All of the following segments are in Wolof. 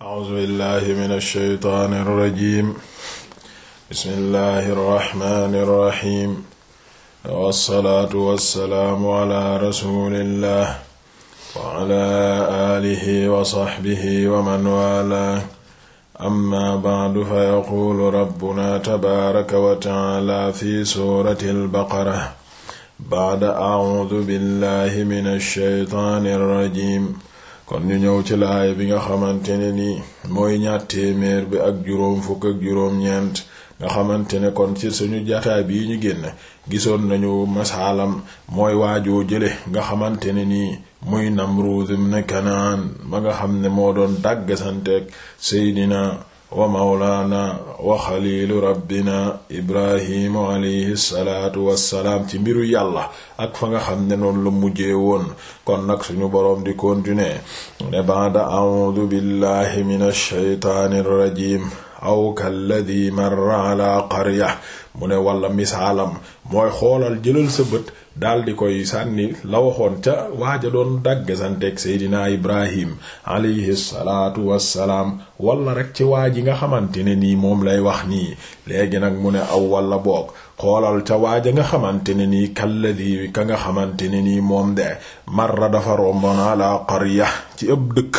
a'uuzu billahi mina shaytaani rajiim bismillahi rahmaani rahiim wassalaatu wassalaamu ala rasuulillah wa ala aalihi wa sahbihi wa man waalaahu amma ba'du fa yaquulu rabbunaa tabaaraka wa ta'aalaa fi suuratil baqara ba'da a'uuzu billahi mina shaytaani rajiim kon ñu ñëw ci laaya bi nga xamante ne nii mooy ñaar téeméer bi ak juróom fukk ak juróom ñeent nga xamante ne kon ci suñu jataay bii ñu génn gisoon nañu masaalam mooy waajoo jële nga xamante ne nii muy Namruud ibn Kanaan ba nga xam ne moo doon dàgg santeeg Seydina wa mawlaana wa xaliilu rabbina ibrahimu alayhi salaatu wassalaam ci mbiru yàlla ak fa nga xam ne noonu la mujjee woon kon nag suñu borom di continuer ne baada a'uudu billahi minash shaytaanir rajiim aw kalladi marra ala qarya mu ne walla misaalam mooy xoolal jëlal sa bët daal di koy sànni la waxoon ca waaja doon dàggesanteeg seydinaa ibrahim alayhi salaatu wassalaam walla rek ci waa ji nga xamante ne nii moom lay wax nii léegi nag mu ne aw wala boog xoolal ca waaja nga xamante ne nii kalladi ka nga xamante ne nii moom de marra dafa romboon ala qarya ci ëpp dëkk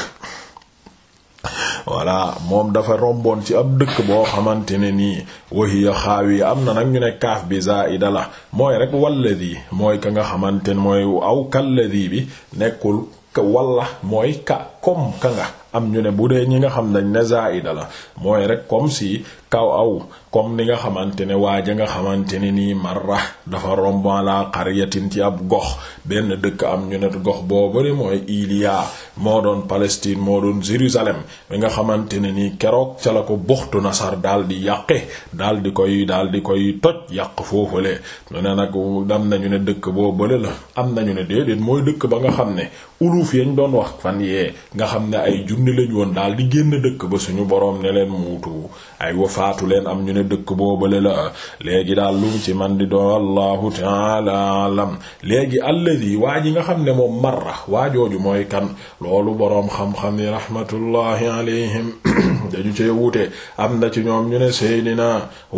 voilà moom dafa romboon ci ab dëkk boo xamante ne nii wahiya yi am na nag ñu ne kaaf bi zaida la mooy rek walladi mooy ka nga xamante ne mooy aw kalladi bi nekkul walla mooy ka comme ka nga am ñu ne bu dee ñi nga xam nañ ne zaida la mooy rek comme si kaw aw comme ni nga xamante ne waaja nga xamante ne nii marra dafa romb ala qaryatin ci ab gox benn dëkk am ñu ne gox boobari mooy Iliya moo doon Palestine moo doon Jérusalem bi nga xamante ne nii keroog ca la ko buxtu nasar daal di yàqe daal di koy daal di koy toj yàq foofule ñu ne nag am nañu ne dëkk boobale la am nañu ne déedéet mooy dëkk ba nga xam ne uluf yañ doon wax fan yee nga xam ne ay junni lañ woon daal di génn dëkk ba suñu boroom ne leen muutu ne dëkk boobale la léegi daal lu mu ci man di doo allahu taala alam léegi alladi waa nga xam ne moom marra waa jooju mooy kan loolu boroom xam-xam yi rahmatullahi alayhim dañu cee wuute am na ci ñoom ñu ne seydina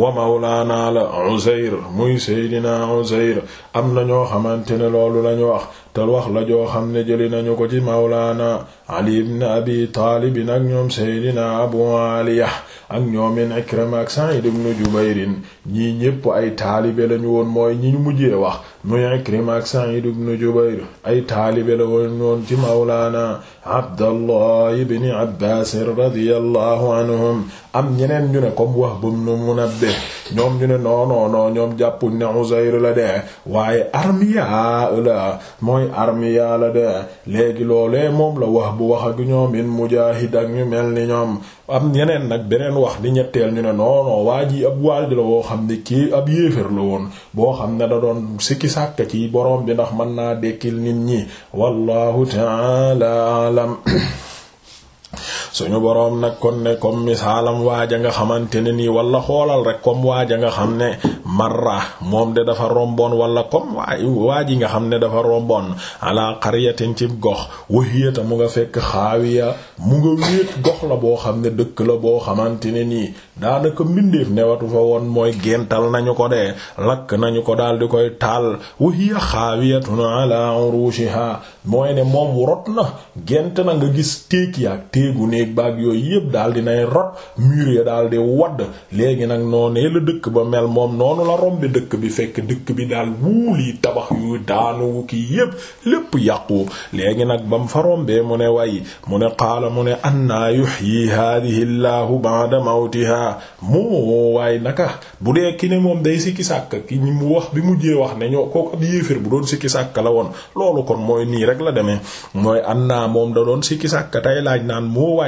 wa mawlaana la Uzayr muy seydina Uzayr am na ñoo xamante ne loolu lañu wax te wax la joo xam ne jëli nañu ko ci mawlaana ali ibn abi taalib ak ñoom seydina abu aliya ak ñoomin ikrima ak sa'id ibn jubayrin ñii ñépp ay taalibe lañu woon mooy ñi ñu mujjee wax muy ikrima ak sa'id ibn jubayr ay taalibe la woon ci mawlaana Abdallah ibn Abbaas radiyallahu anhum am ñeneen ñu ne comme Wahb ibn Munabbih ñoom ñu ne non non non ñoom jàppuñ ne Uzayr la de waaye Armiya la mooy Armiya la de léegi loolee moom la wax bu wax ak ñoom in Mujaahid ak ñu mel ni ñoom am ñeneen nag beneen wax di ñetteel ñu ne non non waa ji ab waaj la woo xam ne kii ab yéefar la woon boo xam ne da doon sikki sàkk ci borom bi ndax mën naa dekkil nit ñi wallahu ta'ala a'lam suñu boroom nag kon ne comme misaalam waaja nga xamante ne nii wala xoolal rek comme waaja nga xam ne marra moom de dafa romboon walla comme waay waa ji nga xam ne dafa romboon ala qaryatin ci gox wahiyata mu nga fekk xaawiya mu nga wéet gox la boo xam ne dëkk la boo xamante ne nii daanaka mbindeef newatu fa woon mooy gental nañu ko de lakk nañu ko daal di koy taal wahiya xaawiyatun ala urushiha mooy ne moom rot na gent na nga gis téeg yaak téegu ne néeg baag yooyu yëpp daal dinay rot mur ya daal di wadd léegi nag noonee la dëkk ba mel moom noonu la rombe dëkk bi fekk dëkk bi daal wuuli tabax yu daanu kii yëpp lépp yàqu léegi nag bam fa rombee mu ne way mu ne qaala mu ne annaa yuhyi haadihi llahu ba'da mawtiha moo waay naka bu dee ki ne moom day sikki sàkk ki ñi mu wax bi mujjee wax ne ñoo kooku ab yéefér bu doon sikki sàkk la woon loolu kon mooy nii rek la demee mooy annaa moom da doon sikki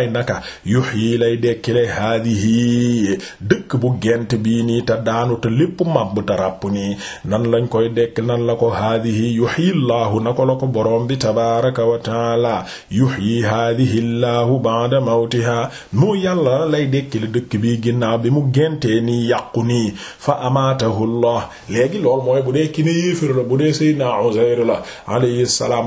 waay naka yuhyi lay dekkile haadihi dëkk bu gent bii nii te daanu te lépp màbb te ràpp nii nan lañ koy dekk nan la ko haadihi yuhyi laahu na ko la ko boroom bi tabaraka wa taala yuhyi haadihi laahu ba'da mawtiha moo yàlla lay dekkile dëkk bi ginnaaw bi mu gentee nii yàqu nii fa amaatahu llah léegi lool mooy bu dee ki ne la bu dee Seydina Uzayr la alayhi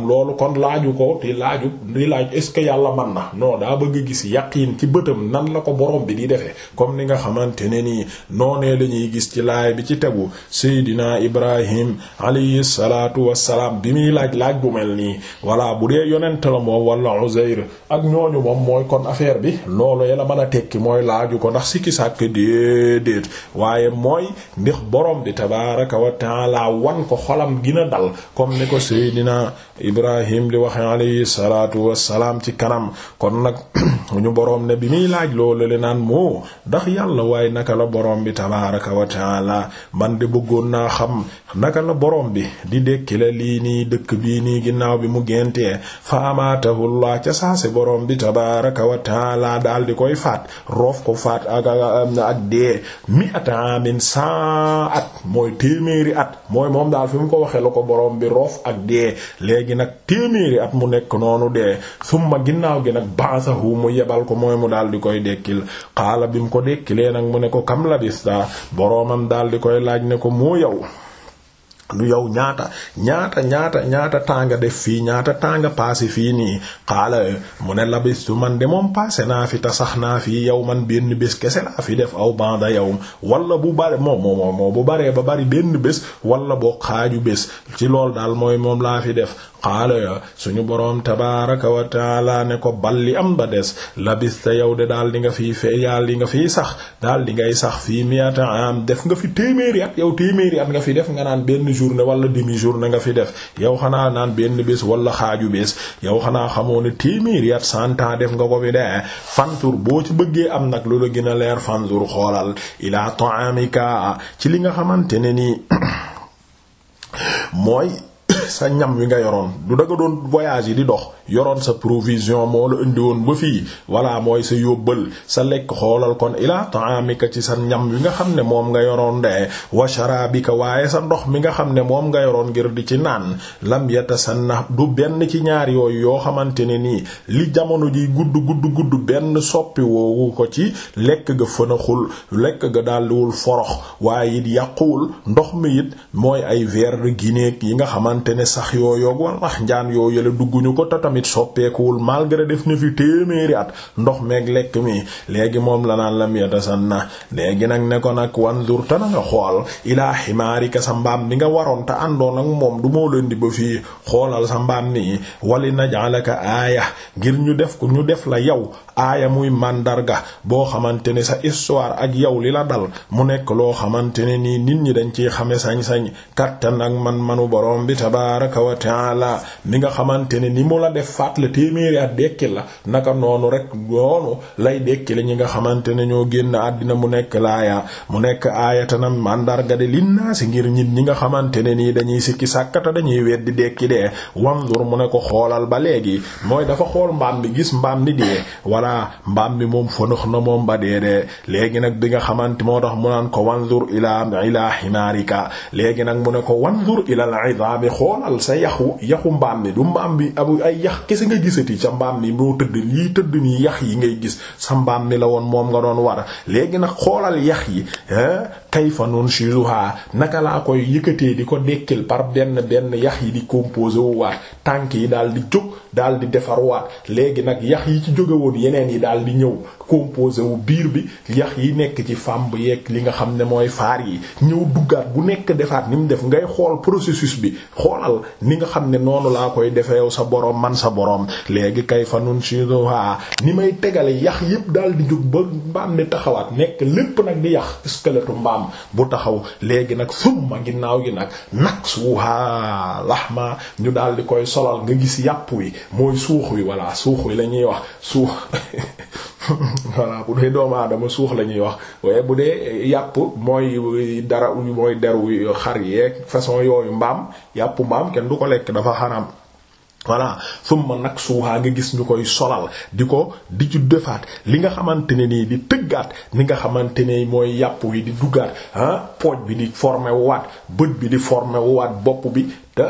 loolu kon laaju ko ti laaju di laaj est ce que yàlla man na non daa bëgg gis yaqiin ci bëtam nan la ko borom bi di defee comme ni nga xamante ne nii noonee lañuy gis ci laay bi ci tegu Seydina Ibrahim alayhi salaatu wassalaam bi muy laaj laaj bu mel nii walla bu dee yonent la moom ak ñooñu moom kon affaire bi loolu ya la tekki mooy laaju ko ndax sikki sàkk déedéet waaye mooy ndax borom bi tabaaraka wa taala wan ko xolam gina dal comme ni ko Seydina Ibrahim di waxe alayhi salaatu wassalaam ci kanam kon nag ñu borom ne bi muy laaj loolu le naan moo ndax yàlla waaye naka la boroom bi tabaaraka wa taala man de bëggoon naa xam naka la borom bi di dekkile lii nii dëkk bii nii ginnaaw bi mu géntee fa amaatahullah ca saase boroom bi tabaaraka wa taala daal di koy faat roof ko faat ak ak dee mi ata amin saa at mooy téeméeri at mooy moom daal fi mu ko waxee la ko borom bi roof ak dee léegi nag téeméeri at mu nekk noonu dee summa ginnaaw gi nag baasahu mu yebal ko mooy mu daal di koy dekkil xaala bi mu ko dekkilee nag mu ne ko kam labista boroomam daal di koy laaj ne ko mu yow lu yow ñaata ñaata ñaata ñaata tàng def fii ñaata tànga passé fii nii xaala mu ne labistu man de moom passé naa fi te sax naa fii yow man benn bés kese laa fi def aw banda yow wala bu bare moom moo moo bu baree ba bari benn bés wala boo xaaju bés ci lool daal mooy moom laa fi def xaala suñu boroom tabaraka wa taala ne ko balli am ba des labista yow de daal di nga fii fee yàll di nga fiy sax daal di ngay sax fii miata am def nga fi téeméeri at yow téeméeri at nga fi nga journée wala demi journée nga fi def yow xanaa naan benn bés walla xaaju bés yow xanaa xamoo ne téeméeri at cent ans def nga ko fi de fantur boo ci bëggee am nag lu la gën a leer fantur xoolal ila ta'amika ci li nga xamante ne nii mooy sa ñam wi nga yoroon du daga doon voyage yi di dox yoroon sa provision moo la indi woon ba fii walaa mooy sa yóbbal sa lekk xoolal kon ilaa ta'amika ci sa ñam wi nga xam ne moom nga yoroon de wa sharabika waaye sa ndox mi nga xam ne moom nga yoroon ngir di ci naan lam yatasanna du benn ci ñaar yooyu yoo xamante ne nii li jamono ji gudd gudd gudd benn soppi woowu ko ci lekk ga fënaxul lekk ga daldiwul forox waaye it yàquwul ndox mi it mooy ay verre de ne sax yoo yoog wal ndax njaan yoo yële dugguñu ko te tamit soppeekuwul malgré def na fi téeméeri at ndox meeg lekk mii léegi moom la naan lam na léegi nag ne ko nag wanzur ta na nga xool ilaa ximaarika sa mbaam bi nga waroon te àndoon ak moom du moo di ba fii xoolal sa mbaam nii wali najalaka aaya ngir ñu def ko ñu def la yow aaya muy màndarga boo xamante ne sa histoire ak yow li la dal mu nekk loo xamante ne nii nit ñi dañ ci xame sañ-sañ kattan nag man manu borom bi taba tabaaraka wa taala nga xamante ne ni mu la def faat la téeméeri at dekki la naka noonu rek noonu lay dekki la ñi nga xamante ne ñoo génn àddina mu nekk laaya mu nekk na mandarga de linnaasi ngir nit ñi nga xamante ne nii dañuy sikki sàkkata dañuy weddi dekki dee wandur mu ne ko xoolal ba léegi mooy dafa xool mbaam bi gis mbaam bi dee walla mbaam mi moom fënëx na moom ba dee dee léegi nag bi nga xamante moo tax mu naan ko wandur ilaa ilaa ximaarika xoolal sa yaxu yaxu mbaam mi du mbaam bi abu ay yax kese nga gisati sa mbaam mi moo tëdd lii tëdd nii yax yi ngay gis sa mbaam mi la woon moom nga doon war a léegi nag xoolal yax yi kayfa nunshizuha naka laa koy yëkkatee di ko dekkil par benn benn yax yi di composé wu waat tànk yi daal di jóg daal di defar waat léegi nag yax yi ci jóge woon yeneen yi daal di ñëw composé wu biir bi yax yi nekk ci bu yeeg li nga xam ne mooy faar yi ñëw duggaat bu nekk defaat ni mu def ngay xool processus bi xoolal ni nga xam ne noonu laa koy defee sa borom man sa boroom léegi kay kayfa nunshizuha ni may tegale yax yëpp dal di jóg ba nekk mbaam bu taxaw léegi nag summa ginnaaw gi nag naksuha lahma ñu daldi di koy solal nga gis yàpp wi mooy suux wi walla suux wi la ñuy wax suux voilà bu dee doomu aadama suux la ñuy wax waaye bu dee yàpp mooy dara mooy deru xar yeeg façon yooyu mbaam yàpp mbaam kenn du ko lekk dafa xaraam voilà summa nag suuxaa nga gis ñu koy solal di ko di ci defaat li nga xamante ne nii di tëggaat li nga xamante ne mooy yàpp wi di duggaat ah pooj bi di formé waat bët bi di formé waat bopp bi te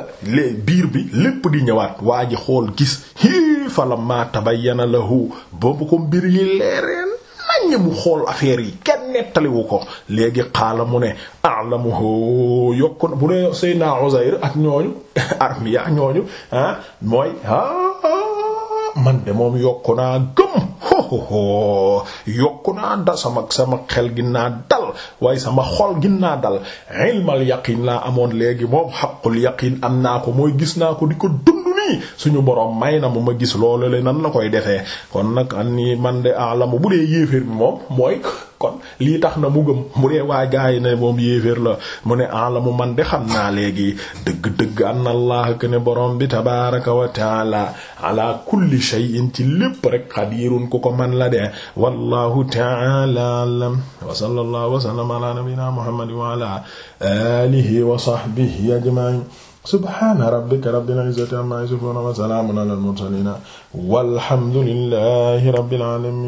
biir bi lépp di ñëwaat waa ji xool gis hii fa la maa tabayyana lahu ko mbir yi leereen naññ mu xool affaire yi nettaliwu ko léegi xaala mu ne a'lamuhu yokku bu dee Seydina Uzayr ak ñooñu armiya ak ñooñu ah mooy ah man de moom yokku naa gëm hohoho yokku naa da sama sama xel gi naa dal waaye sama xol gin naa dal ilmal yaqin laa amoon léegi moom xaqul yaqin am naa ko mooy gis naa ko di ko dund nii suñu borom may na mu ma gis loolu le nan la koy defee kon nag an ni man de alamu bu dee yéeféer bi moom mooy kon lii tax na mu gëm mu dee waa gaa yi ne moom yéeféer la mu ne alamu man de xam naa léegi dëgg-dëgg anna allah ke ne borom bi tabaraka wa taala ala kulli shay'in ci lépp rek xadirun ku ko man la de wallahu taala alam wa sallallahu wa sallama ala nabiyyina muhammad wa ala alihi wa sahbihi ajma'in subhana rabbika rabbil izzati amma yasifun wa salamun ala al mursalin walhamdulillahi rabbil alamin